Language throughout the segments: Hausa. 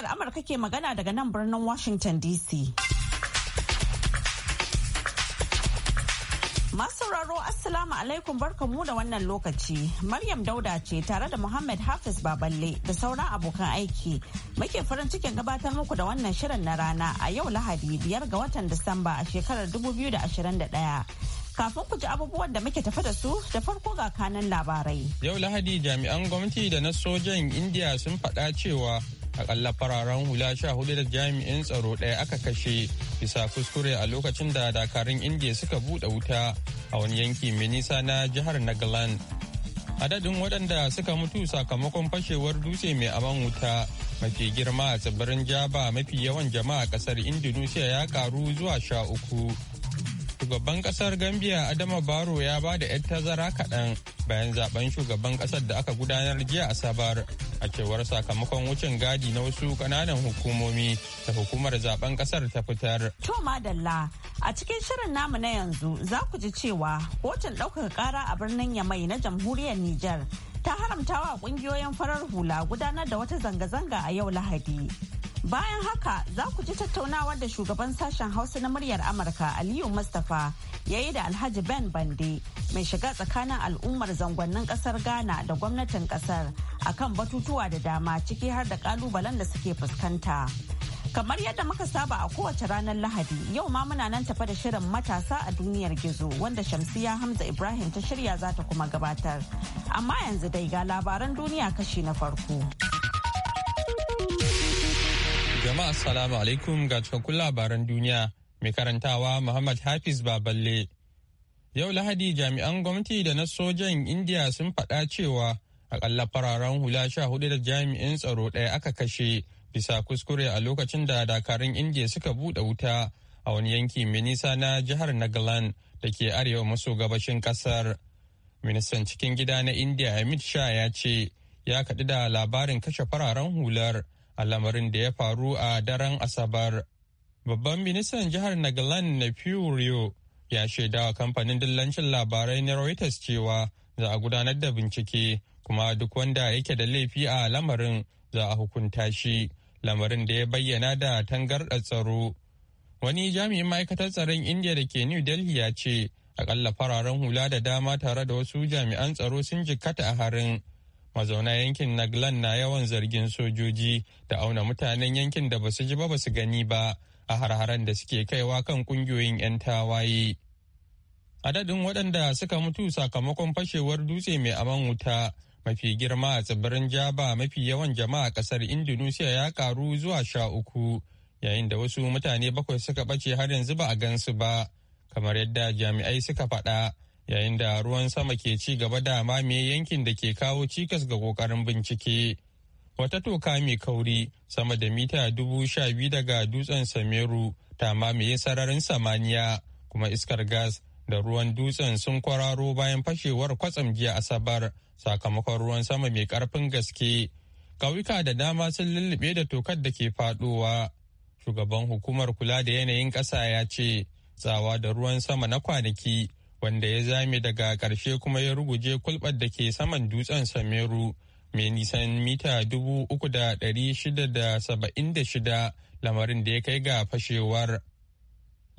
muryar Amurka ke magana daga nan birnin Washington DC. Masu sauraro Assalamu alaikum barkamu da wannan lokaci. Maryam Dauda ce tare da Muhammad Hafiz Baballe da sauran abokan aiki. Muke farin cikin gabatar muku da wannan shirin na rana a yau Lahadi biyar ga watan Disamba a shekarar 2021. Kafin ku ji abubuwan da muke tafi da su da farko ga kanan labarai. Yau Lahadi jami'an gwamnati da na sojan India sun faɗa cewa akalla fararen hula sha hudu da jami'in tsaro ɗaya aka kashe bisa kuskure a lokacin da dakarun indiya suka buɗe wuta a wani yanki mai nisa na jihar nagaland adadin waɗanda suka mutu sakamakon fashewar dutse mai aman wuta mafi girma a tsibirin jaba mafi yawan jama'a ƙasar indonesia ya karu zuwa sha uku shugaban ƙasar gambia adama baro ya ba da 'yar tazara kaɗan bayan zaben shugaban ƙasar da aka gudanar jiya asabar a cewar sakamakon wucin gadi na wasu kananan hukumomi da hukumar zaben kasar ta fitar. To madalla a cikin shirin namu na yanzu za ku ji cewa kotun ɗaukar ƙara a birnin Yamai na jamhuriyar Nijar ta haramtawa kungiyoyin farar hula gudanar da wata zanga-zanga a yau lahadi. Bayan haka za ku ji tattaunawar da shugaban sashen Hausa na muryar Amurka Aliyu Mustapha ya yi da Alhaji Ben Bande mai shiga tsakanin al'ummar zangonnin kasar Ghana da gwamnatin kasar akan batutuwa da dama ciki har da kalubalen da suke fuskanta. Kamar yadda muka saba a kowace ranar Lahadi, yau ma muna nan tafa da shirin matasa a duniyar gizo wanda Shamsiya Hamza Ibrahim ta shirya za ta kuma gabatar. Amma yanzu dai ga labaran duniya kashi na farko. Jama'a salamu alaikum ga cikakkun labaran duniya mai karantawa Muhammad Hafiz Baballe. Yau Lahadi jami'an gwamnati da na sojan Indiya sun faɗa cewa akalla fararen hula sha hudu da jami'in tsaro ɗaya aka kashe bisa kuskure a lokacin da dakarun indiya suka buɗe wuta a wani yanki mai nisa na jihar nagaland da ke arewa maso gabashin kasar ministan cikin gida na indiya amit shah ya ce ya kaɗi da labarin kashe fararen hular a lamarin da ya faru a daren asabar babban ministan jihar nagaland na Rio ya shaidawa kamfanin dillancin labarai na reuters cewa za a gudanar da bincike kuma duk wanda yake da laifi a lamarin za a hukunta shi lamarin da ya bayyana da tangarɗa tsaro wani jami'in ma'aikatar tsaron indiya da ke new delhi ya ce akalla fararen hula da dama tare da wasu jami'an tsaro sun jikkata a harin mazauna yankin naglan na yawan zargin sojoji da auna mutanen yankin da basu ji ba basu gani ba a har da suke kaiwa kan kungiyoyin 'yan tawaye adadin waɗanda suka mutu sakamakon fashewar dutse mai aman wuta mafi girma a tsibirin jaba mafi yawan jama'a kasar indonesia ya karu zuwa sha uku yayin da wasu mutane bakwai suka bace har yanzu ba a gansu ba kamar yadda jami'ai suka faɗa yayin da ruwan sama ke ci gaba da mamaye yankin da ke kawo cikas ga ƙoƙarin bincike wata toka mai kauri sama da mita dubu sha biyu daga dutsen sameru ta mamaye sararin samaniya kuma iskar gas da ruwan dutsen sun kwararo bayan fashewar kwatsam jiya asabar sakamakon ruwan sama mai karfin gaske ƙauyuka da dama sun lullube da tokar da ke faɗowa shugaban hukumar kula da yanayin ƙasa ya ce tsawa da ruwan sama na kwanaki wanda ya zame daga ƙarshe kuma ya ruguje kulɓar da ke saman dutsen sameru mai nisan mita dubu uku da ɗari shida da saba'in da shida lamarin da ya kai ga fashewar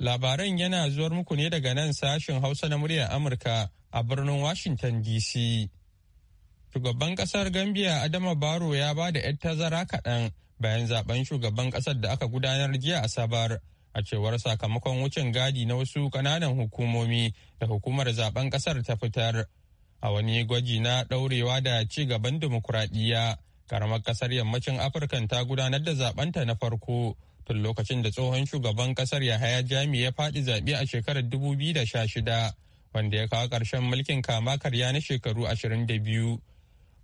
Labaran yana zuwar muku ne daga nan sashen Hausa na muryar Amurka a birnin Washington DC. Shugaban ƙasar Gambia Adama Baro ya ba da 'yar tazara kaɗan bayan zaben shugaban ƙasar da aka gudanar jiya Asabar a cewar sakamakon wucin gadi na wasu ƙananan hukumomi da hukumar zaben ƙasar ta fitar. A wani gwaji na ɗaurewa da ci gaban dimokuraɗiyya, ƙaramar ƙasar yammacin Afirka ta gudanar da zaɓenta na farko. tun lokacin da tsohon shugaban kasar yahaya jami ya faɗi zaɓe a shekarar 2016 wanda ya kawo ƙarshen mulkin kama karya na shekaru 22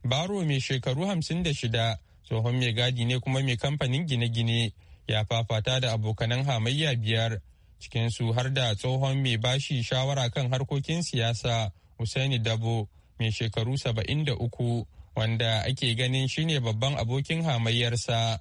baro mai shekaru 56 tsohon mai gadi ne kuma mai kamfanin gine-gine ya fafata da abokanan hamayya biyar cikinsu har da tsohon mai bashi shawara kan harkokin siyasa Usaini Dabo mai shekaru 73 wanda ake ganin shine babban abokin hamayyarsa.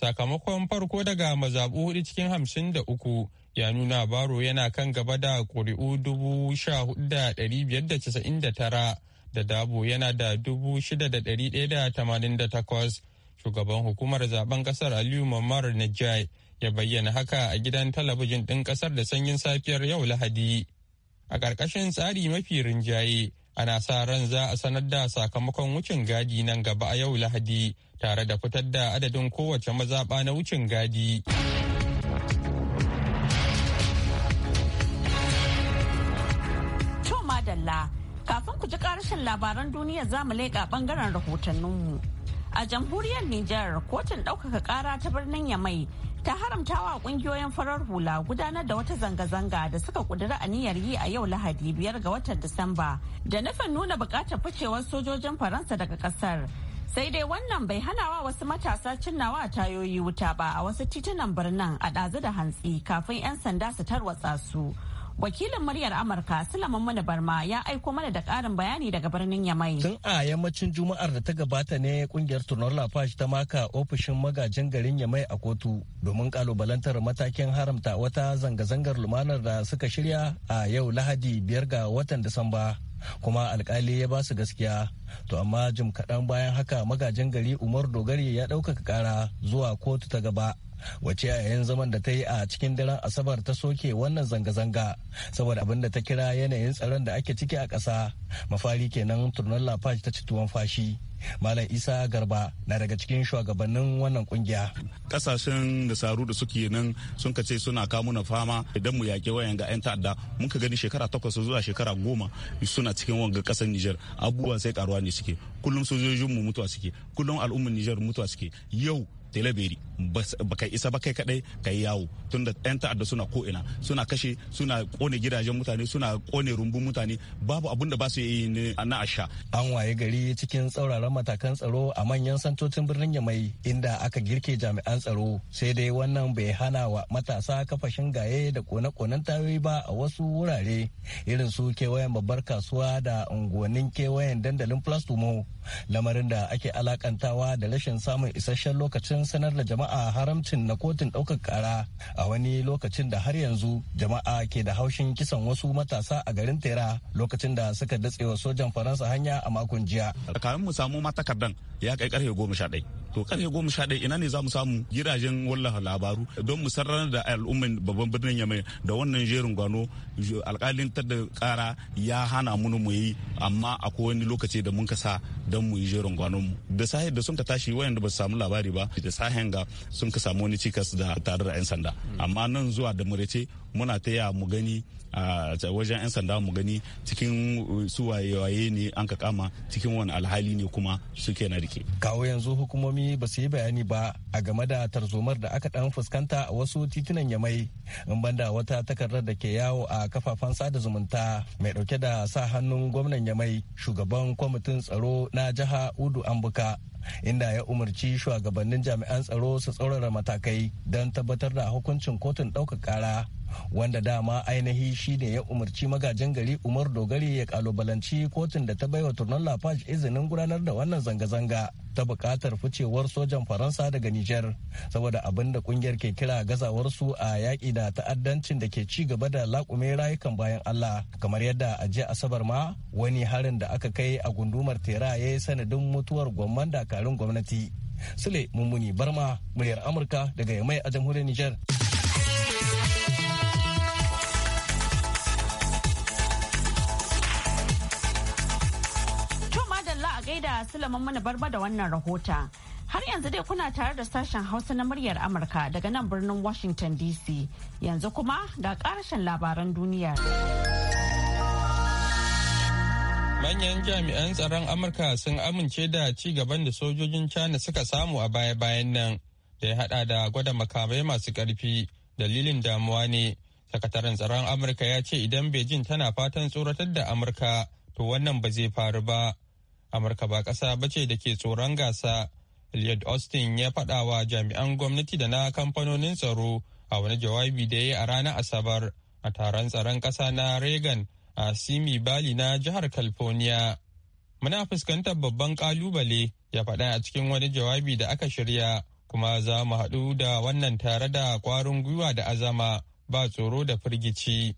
Sakamakon farko daga mazaɓu hudu cikin hamsin da uku ya nuna baro yana kan gaba da ƙuri'u dubu sha hudu da ɗari biyar da casa'in da tara da dabo yana da dubu shida da ɗari ɗaya da tamanin da takwas. Shugaban hukumar zaben ƙasar Aliyu Mamar Najai ya bayyana haka a gidan talabijin ɗin ƙasar da sanyin safiyar yau Lahadi. A ƙarƙashin tsari mafi rinjaye, ana sa ran za a sanar da sakamakon wucin gadi nan gaba a yau lahadi tare da fitar da adadin kowace mazaɓa na wucin gadi madalla kafin ku ji ƙarshen labaran duniya za mu leƙa ɓangaren rahotanninmu. A jamhuriyar Nijar, kotun ɗaukaka ƙara ta birnin Yamai ta haramtawa ƙungiyoyin farar hula gudanar da wata zanga-zanga da suka ƙudiri aniyar yi a yau Lahadi biyar ga watan Disamba da nufin nuna buƙatar ficewar sojojin Faransa daga ƙasar. Sai dai wannan bai hana wa wasu matasa cinnawa a tayoyi wuta ba a wasu titunan birnin a ɗazu da hantsi kafin 'yan sanda su tarwatsa su. Wakilin muryar Amurka Sulaiman Mana Barma ya aiko mana da karin bayani daga birnin Yamai. Tun a yammacin Juma'ar da ta gabata ne kungiyar Tunor Lafash ta maka ofishin magajin garin Yamai a kotu domin kalubalantar matakin haramta wata zanga-zangar lumanar da suka shirya a yau Lahadi biyar ga watan Disamba. kuma alkali ya ba su gaskiya to amma jim kaɗan bayan haka magajin gari umar dogari ya ɗaukaka ƙara zuwa kotu ta gaba wacce a yayin zaman da ta yi a cikin daren asabar ta soke wannan zanga-zanga saboda abin da ta kira yanayin tsaron da ake ciki a ƙasa mafari kenan turnar lafash ta tuwon fashi malam isa garba na daga cikin shugabannin wannan kungiya kasashen da saru da suke nan sun ka ce suna kamu na fama idan mu yaƙi wayan ga 'yan ta'adda mun ka gani shekara takwas zuwa shekara goma suna cikin wanga kasar nijar abubuwa sai karuwa ne suke kullum sojojin mu mutuwa suke kullum al'ummar niger mutuwa suke yau ba baka isa ba kai kadai yi yawo tunda yan ta'adda suna ko'ina suna kashe suna kone gidajen mutane suna kone rumbun mutane babu abun da ba su yi na asha an waye gari cikin tsauraran matakan tsaro a manyan santocin birnin Yamai inda aka girke jami'an tsaro sai dai wannan bai hana wa matasa kafashin gaye da kone-konen tayoyi ba a wasu wurare irin su kewayen babbar kasuwa da unguwannin kewayen dandalin Plastumo lamarin da ake alakantawa da rashin samun isasshen lokacin sanar da jama'a haramcin na kotun ɗaukar kara a wani lokacin da har yanzu jama'a ke da haushin kisan wasu matasa a garin tera lokacin da suka datse sojan faransa hanya a makon jiya kamin mu samu ma ya kai karfe goma sha ɗaya to karfe goma sha ɗaya ina ne za mu samu gidajen wallafa labaru don mu sarrafa da al'umman babban birnin yamai da wannan jerin gwano alkalin da kara ya hana mu mu yi amma akwai wani lokaci da mun kasa don mu yi jerin gwano mu da sahi da sun ka tashi wayanda ba su samu labari ba da sahen ga sun ka samu wani cikas da tare da 'yan sanda amma nan zuwa da murece muna taya mu gani a wajen 'yan sanda mu gani cikin su waye ne an ka kama cikin wani alhali ne kuma suke na rike kawo yanzu hukumomi hukumomi ba su yi bayani ba a game da tarzomar da aka dan fuskanta a wasu titunan yamai in banda wata takardar da ke yawo a kafafen sada zumunta mai dauke da sa hannun gwamnan yamai shugaban kwamitin tsaro na jiha udu ambuka inda ya umarci shugabannin jami'an tsaro su tsaurara matakai don tabbatar da hukuncin kotun ɗaukar ƙara wanda dama ainihi shi ne ya umarci magajin gari umar dogari ya kalubalanci kotun da ta baiwa turnan lafaj izinin gudanar da wannan zanga-zanga ta bukatar ficewar sojan faransa daga nijar saboda abin da kungiyar ke kira gazawarsu a yaƙi da ta'addancin da ke ci gaba da laƙume rayukan bayan allah kamar yadda a jiya asabar ma wani harin da aka kai a gundumar tera ya yi sanadin mutuwar gwamman da dakarun gwamnati sule mummuni barma muryar amurka daga yamai a jamhuriyar niger gaida Sulaiman mana barba da wannan rahota. Har yanzu dai kuna tare da sashen Hausa na muryar Amurka daga nan birnin Washington DC. Yanzu kuma ga karshen labaran duniya. manyan jami'an tsaron amurka sun amince da ci gaban da sojojin china suka samu a baya-bayan nan da ya hada da gwada makamai masu karfi dalilin damuwa ne sakataren tsaron amurka ya ce idan beijing tana fatan tsoratar da amurka to wannan ba zai faru ba amurka ba ƙasa ce da ke tsoron gasa Lloyd Austin ya fada wa jami'an gwamnati da na kamfanonin tsaro a wani jawabi da ya yi a ranar Asabar a taron tsaron kasa na Reagan a Simi Bali na jihar California. Muna fuskantar babban kalubale ya faɗa a cikin wani jawabi da aka shirya kuma za mu haɗu da wannan tare da ƙwarin gwiwa da azama ba tsoro da firgici.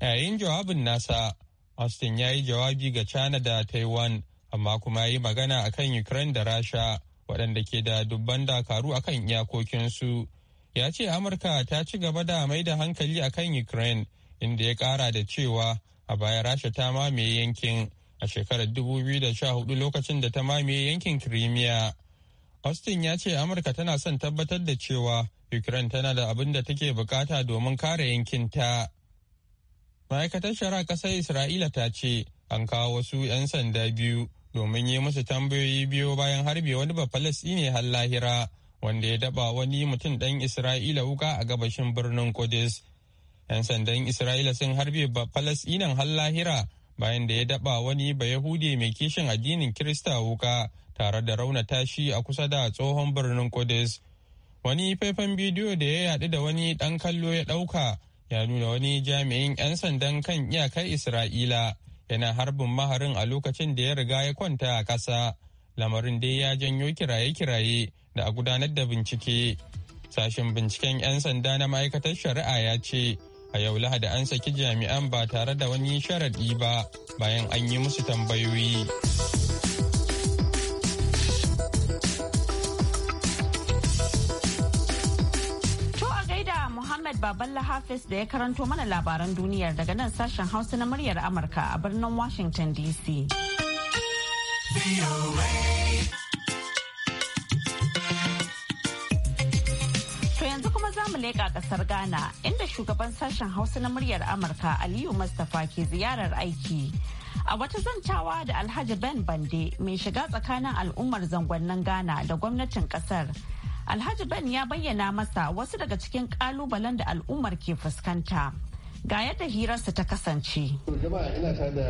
Yayin jawabin nasa, Austin ya yi jawabi ga China da Taiwan, amma kuma yi magana a kan Ukraine da Rasha waɗanda ke da dubban dakaru a kan iyakokinsu. Ya ce Amurka ta ci gaba da mai da hankali a kan Ukraine, inda ya ƙara da cewa a baya rasha ta mamaye yankin a shekarar 2014 lokacin da ta mamaye yankin crimea austin ya ce amurka tana son tabbatar da cewa ukraine tana da abin da take bukata domin kare yankin ta. ma'aikatar shara kasar isra'ila ta ce an kawo wasu 'yan sanda biyu domin yi musu tambayoyi biyu bayan harbi wani ne har lahira wanda ya daba wani mutum ɗan isra'ila wuka a gabashin birnin kudus 'Yan sandan Isra'ila sun harbe Falasɗinan har lahira bayan da ya daba wani Yahudi mai kishin addinin Kirista wuka tare da raunata shi a kusa da tsohon birnin Kudus. Wani faifan bidiyo da ya yaɗu da wani ɗan kallo ya ɗauka ya nuna wani jami'in 'yan sandan kan iyakar Isra'ila yana harbin maharin a lokacin da ya riga ya kwanta a ƙasa. Lamarin dai ya janyo kiraye-kiraye da a gudanar da bincike. Sashen binciken 'yan sanda na ma'aikatar shari'a ya ce a yau lahadi an saki jami'an ba tare da wani sharaɗi ba bayan an yi musu tambayoyi. Muhammad Baballa Hafiz da ya karanto mana labaran duniyar daga nan sashen Hausa na muryar Amurka a birnin Washington DC. leƙa ƙasar Ghana inda shugaban sashen Hausa na muryar Amurka Aliyu Mustapha ke ziyarar aiki. A wata zantawa da Alhaji Ben Bande mai shiga tsakanin al'ummar zangonnin Ghana da gwamnatin ƙasar. Alhaji Ben ya bayyana masa wasu daga cikin kalubalen da al'ummar ke fuskanta. ga yadda hirarsa ta kasance. jama'a ina ta da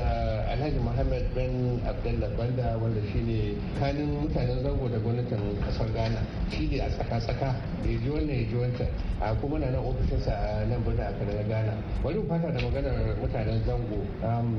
alhaji muhammad ben abdullah banda wanda shine kanin mutanen zango da gwamnatin kasar ghana shi ne a tsaka-tsaka ya ji wannan ya ji wancan a kuma na nan ofishinsa a nan birnin akwai na ghana wani fata da maganar mutanen zango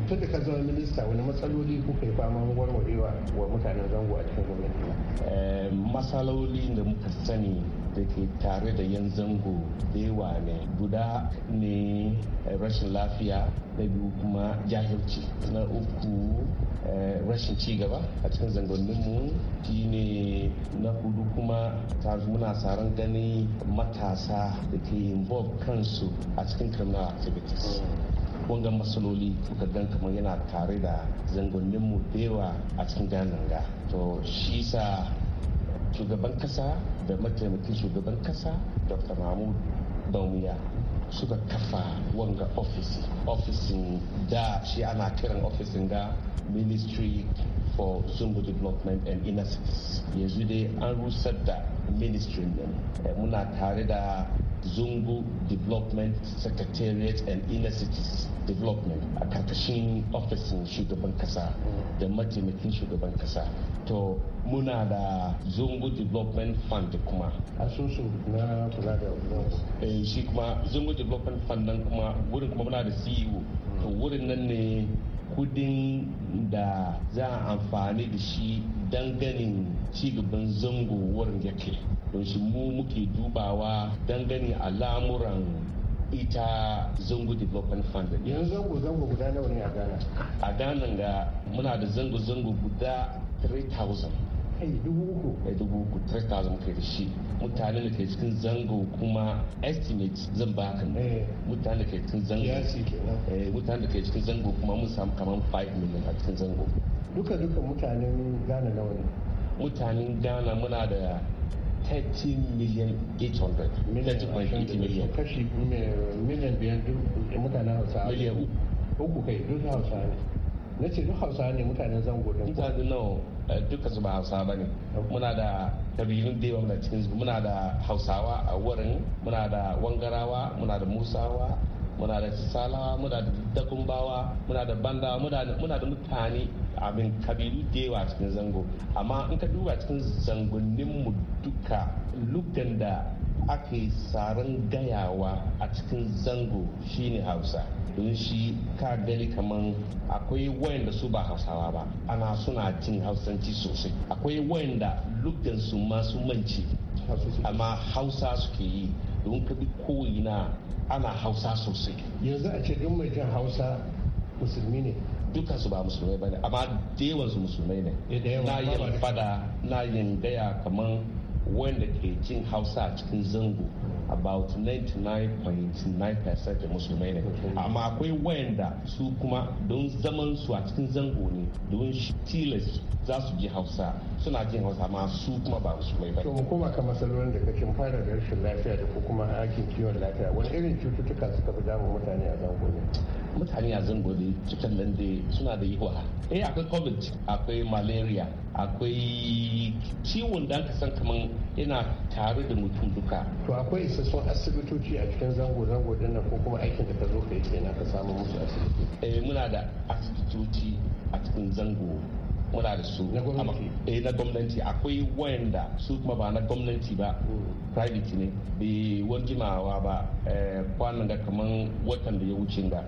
tun da ka zama minista wani matsaloli kuka yi fama warwarewa wa mutanen zango a cikin gwamnati eh, matsaloli da muka sani da ke tare da yan zango da yawa ne guda ne eh, rashin lafiya da biyu kuma jahilci na uku eh, rashin cigaba a cikin zangonninmu ne na hudu kuma muna tsaron gani matasa da ke involve kansu a cikin criminal activities wanga matsaloli kuka gan kamar yana tare da zangonninmu da a cikin ganin ga to shi sa shugaban kasa da mataimakin shugaban kasa dr mahmud daumiya suka kafa wanga ofisi ofisin da shi ana kiran ofisin da ministry for zungu development and inner yanzu dai an rusar da ministry eh, muna tare da zungu development secretariat and inner cities development a karkashin ofisin shugaban kasa da mataimakin shugaban kasa to muna da zungu development fund kuma asusu na kula da eh shi kuma zungu development fund nan kuma wurin kuma muna da ceo to wurin nan ne kudin da za a amfani da shi danganin cigaban zangowar yake don shi mu muke dubawa dangane lamuran ita zango development fund yanzu zango zango guda nawa ne a ghana a ghana ga muna da zango zango guda 3000 kai dubu uku kai dubu uku 3000 kai da shi mutane da ke cikin zango kuma estimate zan baka eh. mutane da kai cikin zango eh, mutane da ke cikin zango kuma mun samu kamar 5 million a cikin zango duka duka mutanen Ghana nawa ne mutanen Ghana muna da 13 million 800 million million kashi miliyan biyar mutanen hausa miliyan uku kai duk hausa ne na ce duk hausa ne mutanen zango din mutanen nawa Eh, duka su ba hausa ba ne muna da kabilun da yawa cikin su muna da hausawa a wurin muna da wangarawa muna da musawa muna da salawa muna da dakumbawa muna da bandawa muna da mutane abin kabilu da yawa cikin zango amma in ka duba cikin zangoninmu duka lugan da ake saran gayawa a cikin zango shine hausa don shi ka gani kaman akwai wayanda su ba hausawa ba ana suna jin hausanci sosai akwai wayanda luggan su ma manci amma hausa suke yi don ka bi ko'ina ana hausa sosai yanzu a ce duk mai jan hausa musulmi ne dukkan su ba musulmai ba ne amma da yawan su musulmai ne eh, na yin fada na yin gaya kaman wanda ke jin hausa cikin zango about 99.9% musulmai ne amma akwai wayanda su kuma don zaman su a cikin zango ne don tilas za su ji hausa suna jin hausa amma su kuma ba musulmai ba to mu koma ka matsalolin da kake fara da rashin lafiya da kuma aikin kiwon lafiya wani irin cututtuka suka fi damun mutane a zango ne mutane a zango ne cikin nan da suna da yiwa eh akwai covid akwai malaria akwai ciwon da aka san kaman Ina tare da mutum duka to akwai isassun asibitoci a cikin zango-zango din nan ko kuma aikin da ka zo kai kenan ka samu musu asibiti eh muna da asibitoci a cikin zango muna da su na gwamnati eh, akwai wayanda su kuma ba na gwamnati ba mm. private ne bai wani jimawa ba eh, kwanan ga kaman watan da ya wuce ga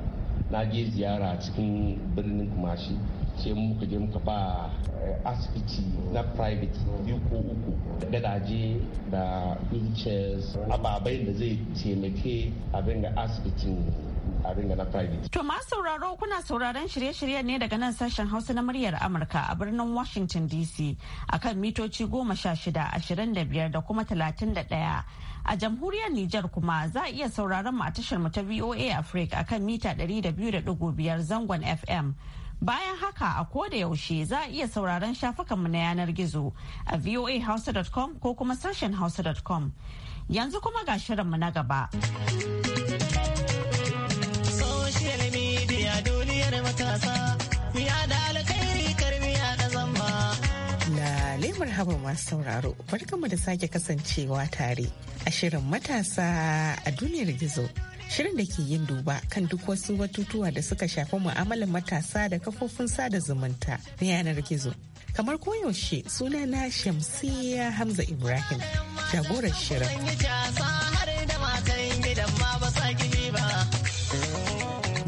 na je ziyara cikin birnin kumashi sai muka je muka ba eh, asibiti na private biyu ko uku gadaje da wheelchairs ababai da zai taimake abin da asibitin abin da na private. To ma sauraro kuna sauraron shirye-shiryen ne daga nan sashen Hausa na muryar Amurka a birnin Washington DC akan mitoci goma sha shida ashirin da biyar da kuma talatin da daya A jamhuriyar Nijar kuma za a iya sauraron mu a tashar mu ta VOA Africa akan mita ɗari da biyu da ɗigo biyar zangon FM. Bayan haka a koda yaushe za a iya sauraron shafukanmu na yanar gizo a voahouse.com ko kuma sashen hausa.com. Yanzu kuma ga shirinmu na gaba. Social masu sauraro, barkanmu da sake kasancewa tare a shirin matasa a duniyar gizo shirin da ke yin duba kan duk wasu batutuwa da suka shafi mu'amalar matasa da kafofin sada zumunta na yanar gizo. Kamar koyaushe sunana Shamsiyya Hamza Ibrahim, jagorar shirin.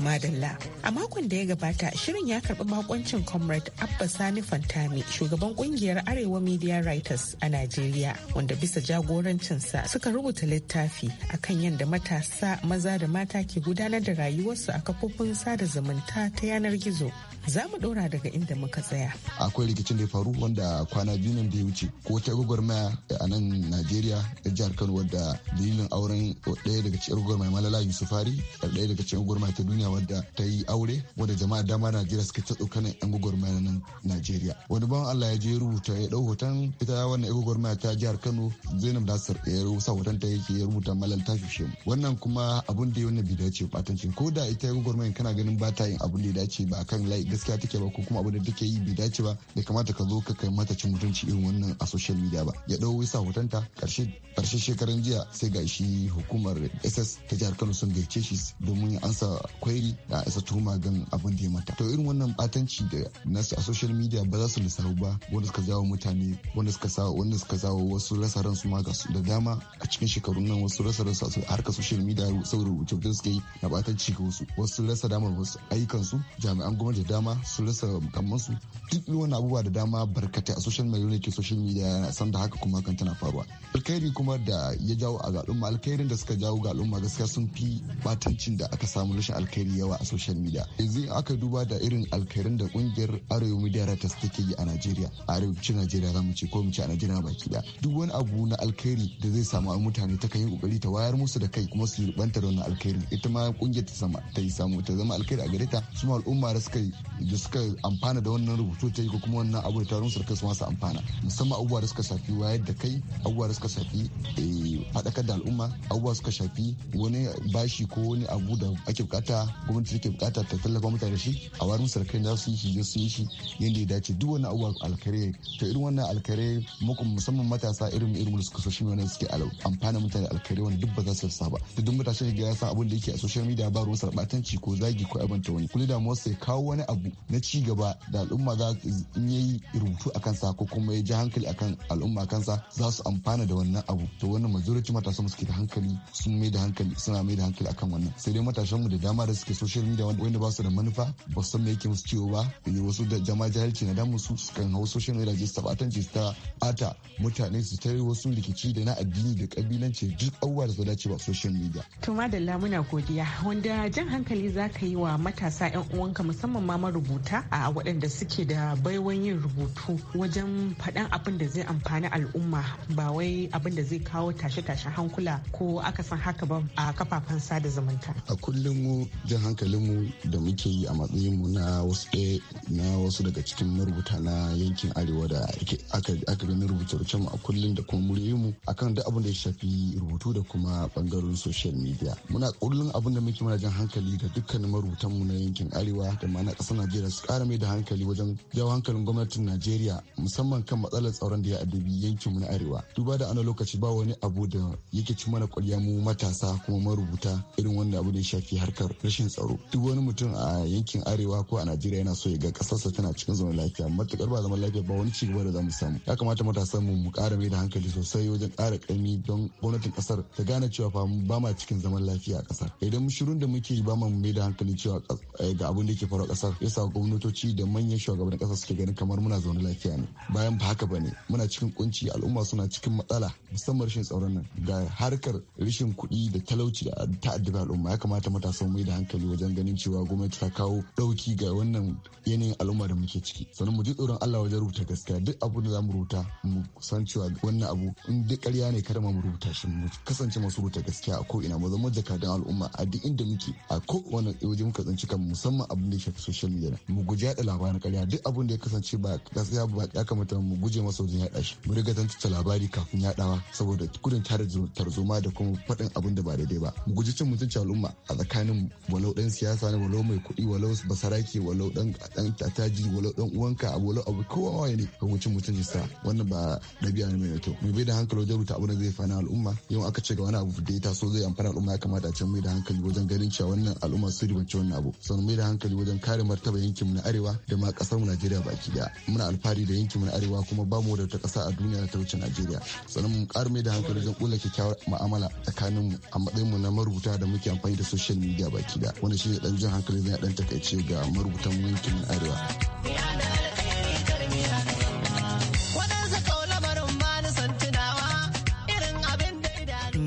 madalla. A makon da ya gabata shirin ya karbi bakoncin Comrade Abba Sani Fantami shugaban kungiyar Arewa Media Writers a nigeria wanda bisa jagorancinsa suka rubuta littafi akan yadda matasa maza da mata ke gudanar da rayuwarsu a kafofin sada zumunta ta yanar gizo. Za mu ɗora daga inda muka tsaya. Akwai rikicin da ya faru wanda kwana biyu nan da ya wuce ko ta gwagwarmaya a nan Najeriya da jihar Kano wadda dalilin auren ɗaya daga cikin gwagwarmaya Malala Yusufari ɗaya daga cikin gwagwarmaya ta duniya wadda ta yi aure wadda jama'a dama najeriya suka ta tsokanin yan gwagwarmaya na najeriya wani ban allah ya je rubuta ya dau hoton ita wannan yan gwagwarmaya ta jihar kano zainab nasir ya rubuta hoton ta yake ya rubuta malal ta shushe mu wannan kuma abun da ya wannan bidiyo dace batanci ko da ita yan gwagwarmaya kana ganin ba ta yin abun da ya dace ba kan layi gaskiya take ba ko kuma abun da take yi bai dace ba da kamata ka zo ka kai mata cin mutunci irin wannan a social media ba ya dau wisa hoton ta karshe karshe shekaran jiya sai ga shi hukumar ss ta jihar kano sun gaice shi domin ansa kwairi shi a isa tuhuma gan abin da ya mata to irin wannan batanci da nasu a social media ba za su lissafi ba wanda suka jawo mutane wanda suka sa wanda suka sa wasu rasa ransu ma ga su da dama a cikin shekarun nan wasu rasa ransu a harkar social media saboda rubuce suke yi na batanci ga wasu wasu rasa damar wasu ayyukan su jami'an gwamnati da dama su rasa mukamman su duk wani abubuwa da dama barkatai a social media ne ke social media yana san da haka kuma kan tana faruwa alkhairi kuma da ya jawo a ga al'umma alkhairin da suka jawo ga al'umma gaskiya sun fi batancin da aka samu rashin alkhairi yawa a social media yanzu aka duba da irin alkairin da kungiyar arewa media writers take yi a nigeria a arewacin nigeria za mu ce ko mu ce a ba baki da duk wani abu na alkhairi da zai samu mutane ta kan yi kokari ta wayar musu da kai kuma su ribanta da wannan alkhairi ita ma kungiyar ta sama ta yi samu ta zama alkhairi a gare ta su ma al'umma da suka da suka amfana da wannan rubutu ta yi ko kuma wannan abu da ta rumsa kai su ma su amfana musamman abubuwa da suka shafi wayar da kai abubuwa da suka shafi eh, fadakar da al'umma abubuwa suka shafi wani bashi ko wani abu da ake bukata gwamnati take bukata ta tallafa mutane shi a warin sarkai alkhairi za su yi shi su yi shi yadda ya dace duk wani abubuwa alkare to irin wannan alkhairi musamman matasa irin irin wani suka so shi suke amfana mutane alkare wani duk ba za su sa ba to duk matashi da ya san abin da yake a social media ba ruwan sarbatanci ko zagi ko abin ta wani kuli da mu sai kawo wani abu na ci gaba da al'umma za in yayi rubutu a kansa ko kuma ya ji hankali akan al'umma kansa za su amfana da wannan abu to wannan majority matasan suke da hankali sun mai da hankali suna mai da hankali akan wannan sai dai matashan mu da dama da suke ke social media wanda ba su da manufa ba su san me yake musu ciwo ba ne wasu da jama jahilci na damu su kan hau social media su tabatanci su ta ata mutane su tare wasu rikici da na addini da kabilanci duk abubuwa da su dace ba social media. to madalla muna godiya wanda jan hankali zaka yi wa matasa yan uwanka musamman ma marubuta a waɗanda suke da baiwan yin rubutu wajen faɗan abin da zai amfani al'umma ba wai abin da zai kawo tashe-tashen hankula ko aka san haka ba a kafafen sada zumunta. a kullum mu jan hankalinmu da muke yi a matsayinmu na wasu na wasu daga cikin marubuta na yankin arewa da aka gani rubuce mu a kullum da kuma muryoyinmu akan duk abin da ya shafi rubutu da kuma bangaren social media muna kullum abin da muke mana jan hankali ga dukkanin mu na yankin arewa da ma na ƙasar najeriya su kara mai da hankali wajen jawo hankalin gwamnatin najeriya musamman kan matsalar tsaron da ya addabi mu na arewa duba da ana lokaci ba wani abu da yake ci mana kwarya mu matasa kuma marubuta irin wanda abu da ya shafi harkar rashin tsaro duk wani mutum a yankin arewa ko a najeriya yana so ya ga kasarsa tana cikin zaman lafiya matukar ba zaman lafiya ba wani gaba da zamu samu ya kamata matasan mu mu kara mai da hankali sosai wajen kara kaimi don gwamnatin kasar ta gane cewa fa ba ma cikin zaman lafiya a kasar idan shirun da muke yi ba mu mai da hankali cewa eh, ga abin da ke faruwa kasar yasa gwamnatoci da manyan shugabannin kasar suke ganin kamar muna zaune lafiya ne bayan ba haka bane muna cikin kunci al'umma suna cikin matsala musamman rashin tsaron nan ga harkar rashin kuɗi da talauci da ta'addabi al'umma ya kamata matasan mu mai da hankali hankali wajen ganin cewa gwamnati ta kawo ɗauki ga wannan yanayin al'umma da muke ciki sannan mu ji tsoron Allah wajen rubuta gaskiya duk abin da za mu rubuta mu san cewa wannan abu in duk ƙarya ne kada mu rubuta shi mu kasance masu rubuta gaskiya a ko ko'ina mu zama jakadan al'umma a duk inda muke a wannan waje muka tsinci kan musamman abin da ya shafi social media mu guji yaɗa labaran karya duk abin da ya kasance ba gaskiya ba ya kamata mu guje masa wajen yaɗa shi mu riga tantance labari kafin yaɗawa saboda gudun tarzoma da kuma faɗin abin da ba daidai ba mu guji cin mutunci al'umma a tsakanin walau walau dan siyasa ne walau mai kuɗi walau basarake walau dan dan tataji walau dan uwanka walau abu kowa waye ne ka wuce mutuncin sa wannan ba ɗabi'a ne mai kyau mai bai da hankali wajen rubuta abu da zai fana al'umma yau aka ce ga wani abu da ya taso zai amfana al'umma ya kamata a ce mai da hankali wajen ganin cewa wannan al'umma su ribanci wannan abu sannan mai da hankali wajen kare martaba yankin mu na arewa da ma kasar mu Najeriya baki daya muna alfahari da yankin mu na arewa kuma ba mu da ta kasa a duniya ta wuce Najeriya sannan mu ƙara mai da hankali wajen kula kyakkyawar mu'amala tsakanin mu a matsayin mu na marubuta da muke amfani da social media baki daya wani shi ne dan jan hankali zai dan takaice ga marubutan mulkin arewa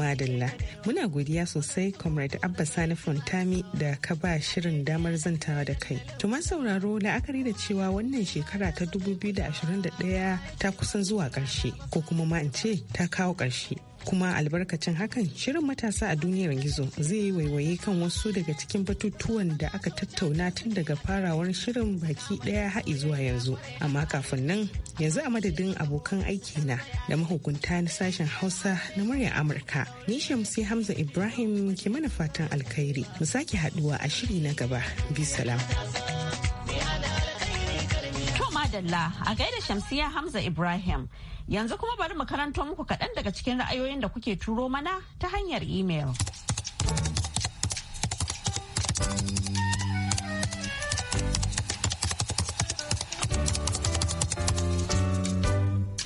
madalla muna godiya sosai comrade abba sani fontami da ka ba shirin damar zantawa da kai tuma sauraro la'akari da cewa wannan shekara ta 2021 ta kusan zuwa ƙarshe ko kuma ma in ce ta kawo ƙarshe kuma albarkacin hakan shirin matasa a duniyar gizo zai waiwaye kan wasu daga cikin batutuwan da aka tattauna tun daga farawar shirin baki daya haɗi zuwa yanzu amma kafin nan yanzu a madadin abokan aiki na da mahukunta na sashen hausa na muryar amurka ni shamsi hamza ibrahim ke mana fatan alkhairi mu sake haduwa a shiri na gaba bisalam madalla a gaida shamsiya hamza ibrahim Yanzu kuma bari mu karanto muku kaɗan daga cikin ra'ayoyin da kuke turo mana ta hanyar imel.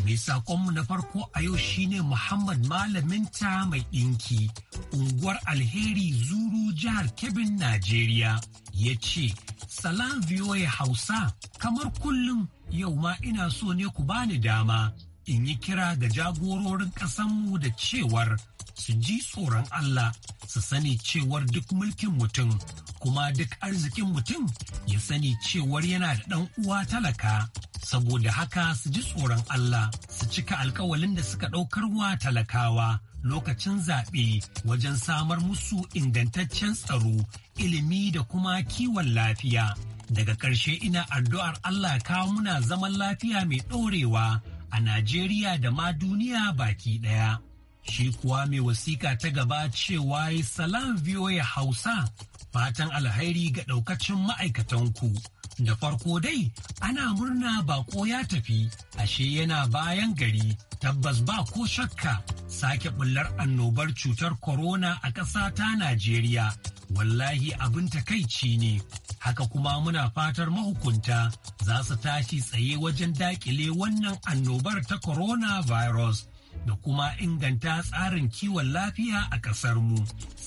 Mai saƙonmu na farko a yau shine Muhammad malamin ta mai ɗinki, unguwar alheri zuru jihar Kebin, Najeriya, ya ce, Salam ya Hausa, kamar kullum yau ma ina so ne ku bani dama in yi kira ga jagororin ƙasanmu da cewar su ji tsoron Allah su sani cewar duk mulkin mutum kuma duk arzikin mutum ya sani cewar yana da ɗan uwa talaka saboda haka su ji tsoron Allah su cika alkawalin da suka ɗaukar wa talakawa lokacin zaɓe wajen samar musu ingantaccen tsaro ilimi da kuma kiwon lafiya daga ƙarshe ina addu'ar Allah kawo muna zaman lafiya mai ɗorewa a Najeriya da ma duniya baki ɗaya. Shi kuwa mai wasiƙa ta gaba cewa salam ya Hausa fatan alhairi ga ɗaukacin ma'aikatanku. Da farko dai ana murna bako ya tafi, ashe yana bayan gari, tabbas ba ko shakka sake bullar annobar cutar corona a ƙasa ta Najeriya. Wallahi abin takaici ne. haka kuma muna fatar mahukunta za su tashi tsaye wajen dakile wannan annobar ta coronavirus da kuma inganta tsarin kiwon lafiya a ƙasar mu.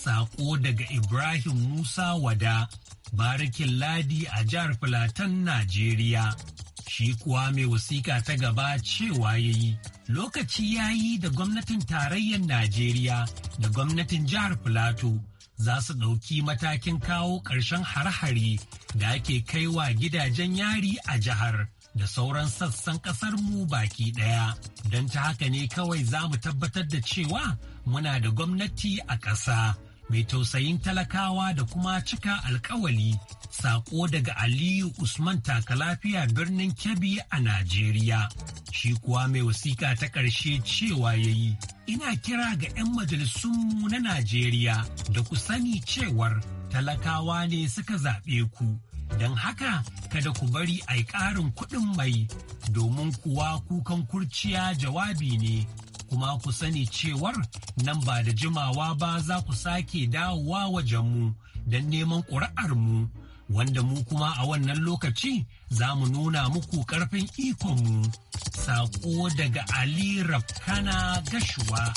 Sako daga Ibrahim Musa Wada, barikin ladi a jihar Filatan, Najeriya. Shi kuwa mai wasiƙa ta gaba cewa ya yi, lokaci ya yi da gwamnatin tarayyar Najeriya da gwamnatin jihar Filato za su ɗauki matakin kawo ƙarshen har-hari da ake kai wa gidajen yari a jihar da sauran sassan ƙasar mu baki ɗaya. Don ta haka ne kawai za mu tabbatar da cewa muna da gwamnati a ƙasa mai tausayin talakawa da kuma cika alkawali saƙo daga Aliyu Usman Takalafiya birnin Kebbi a Najeriya. Shi kuwa mai wasiƙa ta ƙarshe cewa ya yi. ina kira ga 'yan majalisunmu na Najeriya da ku sani cewar talakawa ne suka zaɓe ku, don haka kada ku bari a ƙarin kuɗin mai domin kuwa kukan kurciya jawabi ne. Kuma ku sani cewar nan ba da jimawa ba za ku sake dawowa wajenmu don neman ƙuri'armu wanda mu kuma a wannan lokaci za mu nuna muku ƙarfin ikonmu. Saƙo daga Ali Rafkana Gashuwa.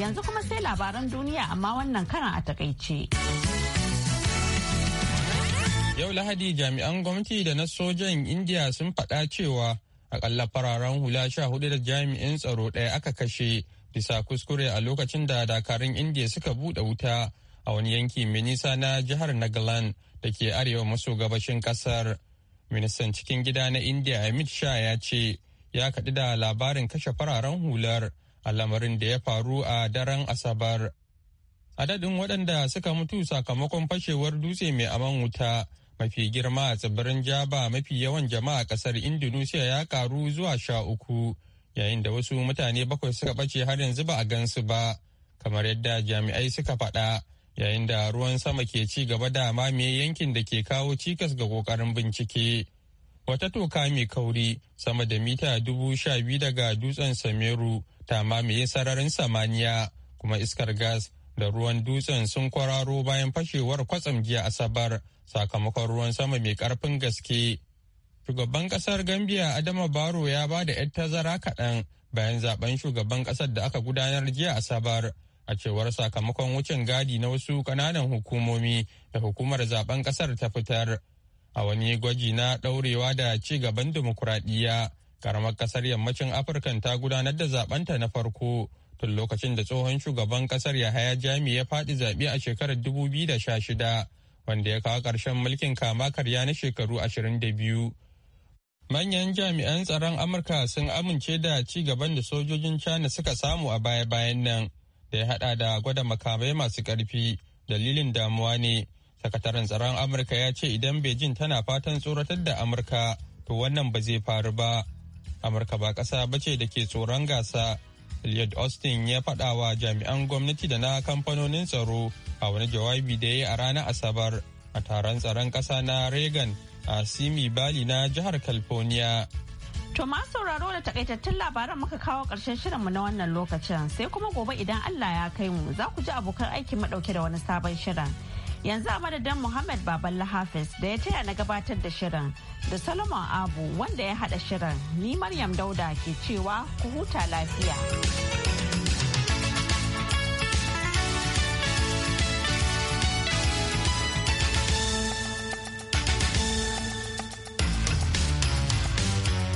yanzu kuma sai labaran duniya amma wannan karan a takaice. Yau Lahadi jami'an gwamnati da na sojan India sun faɗa cewa akalla fararen hula sha hudu da jami'in tsaro ɗaya aka kashe bisa kuskure a lokacin da dakarun indiya suka buɗe wuta a wani yanki mai nisa na jihar nagaland da ke arewa maso gabashin ƙasar ministan cikin gida na indiya amit shah ya ce ya kaɗi da labarin kashe fararen hular A lamarin da ya faru a daren asabar adadin waɗanda suka mutu sakamakon fashewar dutse mai aman wuta mafi girma a tsibirin jaba mafi yawan jama'a ƙasar indonesia ya ƙaru zuwa sha uku yayin da wasu mutane bakwai suka ɓace har yanzu ba a gansu ba kamar yadda jami'ai suka faɗa yayin da ruwan sama ke ci gaba da mamaye yankin da ke kawo cikas ga ƙoƙarin bincike wata toka mai kauri sama da mita dubu sha biyu daga dutsen Sameru ta mamaye sararin samaniya kuma iskar gas da ruwan dutsen sun kwararo bayan fashewar kwatsam jiya Asabar sakamakon ruwan sama mai karfin gaske. Shugaban kasar Gambia Adama Baro ya ba da 'yar tazara kaɗan bayan zaben shugaban kasar da aka gudanar jiya Asabar. a cewar sakamakon wucin gadi na wasu ƙananan hukumomi da hukumar zaben kasar ta fitar a wani gwaji na ɗaurewa da ci gaban dimokuraɗiyya karamar ƙasar yammacin Afirka ta gudanar da zaɓenta na farko tun lokacin da tsohon shugaban ƙasar yahaya jami ya faɗi zaɓe a shekarar 2016 wanda ya kawo ƙarshen mulkin kama karya na shekaru 22 manyan jami'an tsaron amurka sun amince da ci gaban da sojojin china suka samu a baya-bayan nan da ya haɗa da gwada makamai masu ƙarfi dalilin damuwa ne sakataren tsaron amurka ya ce idan beijing tana fatan tsoratar da amurka to wannan ba zai faru ba amurka ba kasa ba ce da ke tsoron gasa Lloyd Austin ya faɗa wa jami'an gwamnati da na kamfanonin tsaro a wani jawabi da ya yi a ranar Asabar a taron tsaron kasa na Reagan a Simi Bali na jihar California. To ma sauraro da takaitattun labaran muka kawo ƙarshen shirinmu na wannan lokacin sai kuma gobe idan Allah ya kai mu za ku ji abokan aiki mu da wani sabon shirin. yanzu a madadin muhammad baballa Lahafis da ya taya na gabatar da shirin da solomon abu wanda ya haɗa shirin ni maryam dauda ke cewa ku huta lafiya